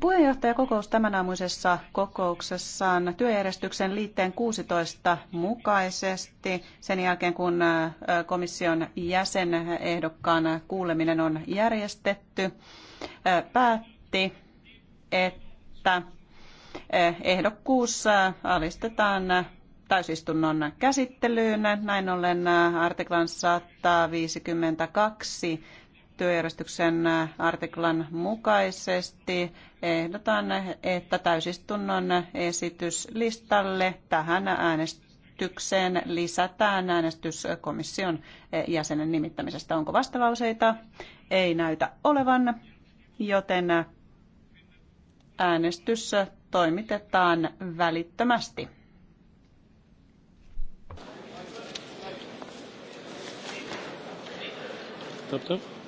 Puheenjohtajakokous tämänaamuisessa kokouksessaan työjärjestyksen liitteen 16 mukaisesti sen jälkeen, kun komission jäsenehdokkaan kuuleminen on järjestetty, päätti, että ehdokkuus alistetaan täysistunnon käsittelyyn. Näin ollen artiklan 152 työjärjestyksen äh, artiklan mukaisesti ehdotan, että täysistunnon esityslistalle tähän äänestykseen lisätään äänestys komission äh, jäsenen nimittämisestä. Onko vastalauseita? Ei näytä olevan, joten äänestys toimitetaan välittömästi. Top, top.